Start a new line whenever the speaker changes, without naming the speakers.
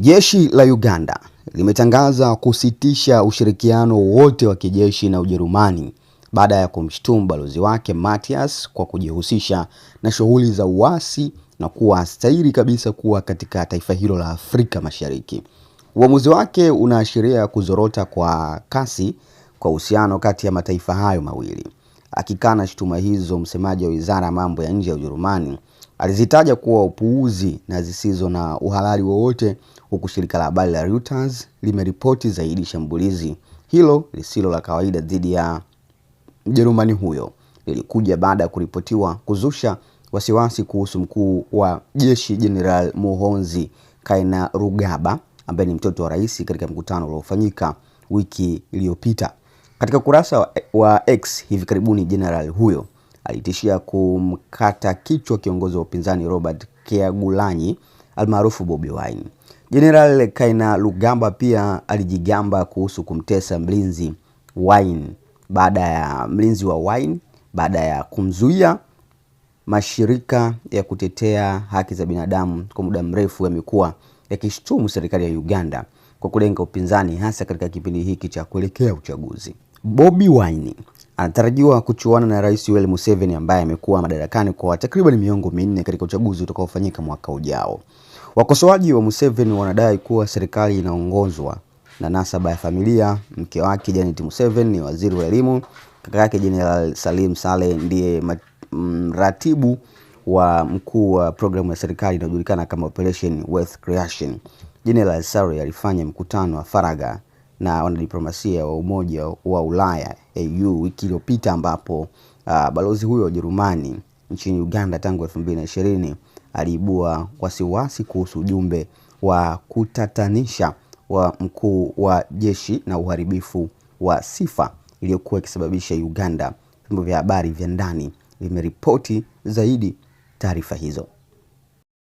Jeshi la Uganda limetangaza kusitisha ushirikiano wote wa kijeshi na Ujerumani baada ya kumshtumu balozi wake Mathias kwa kujihusisha na shughuli za uasi na kuwa hastahili kabisa kuwa katika taifa hilo la Afrika Mashariki. Uamuzi wake unaashiria kuzorota kwa kasi kwa uhusiano kati ya mataifa hayo mawili. Akikana shutuma hizo, msemaji wa Wizara ya Mambo ya Nje ya Ujerumani, Alizitaja kuwa upuuzi na zisizo na uhalali wowote, huku shirika la habari la Reuters limeripoti zaidi shambulizi hilo lisilo la kawaida dhidi ya Mjerumani huyo lilikuja baada ya kuripotiwa kuzusha wasiwasi kuhusu mkuu wa jeshi Jeneral kaina Kainerugaba ambaye ni mtoto wa rais katika mkutano uliofanyika wiki iliyopita. Katika ukurasa wa X hivi karibuni, General huyo alitishia kumkata kichwa kiongozi wa upinzani Robert Kyagulanyi almaarufu Bobi Wine. Jeneral lugamba pia alijigamba kuhusu kumtesa mlinzi Wine baada ya mlinzi wa Wine baada ya kumzuia. Mashirika ya kutetea haki za binadamu kwa muda mrefu yamekuwa yakishutumu serikali ya Uganda kwa kulenga upinzani hasa katika kipindi hiki cha kuelekea uchaguzi. Bobi Wine anatarajiwa kuchuana na Rais Yoweri Museveni ambaye amekuwa madarakani kwa takriban miongo minne katika uchaguzi utakaofanyika mwaka ujao. Wakosoaji wa Museveni wanadai kuwa serikali inaongozwa na nasaba ya familia. Mke wake Janet Museveni ni waziri wa elimu, kaka yake Jenerali Salim Saleh ndiye mratibu wa mkuu wa programu ya serikali inayojulikana kama Operation Wealth Creation. Jenerali Saleh alifanya mkutano wa faragha na wanadiplomasia wa Umoja wa Ulaya AU wiki iliyopita ambapo uh, balozi huyo wa Ujerumani nchini Uganda tangu 2020 aliibua wasiwasi kuhusu ujumbe wa kutatanisha wa mkuu wa jeshi na uharibifu wa sifa iliyokuwa ikisababisha Uganda. Vyombo vya habari vya ndani vimeripoti zaidi taarifa hizo.